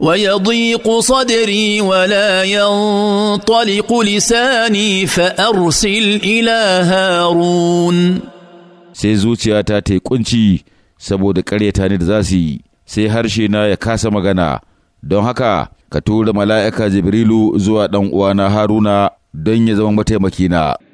ويضيق صدري ولا ينطلق لساني فأرسل إلى هارون sai zuciyata ta yi kunci saboda ƙaryata ni da za su yi sai harshe na ya kasa magana don haka ka tura mala'ika jibrilu zuwa ɗan uwana haruna don ya zama mataimakina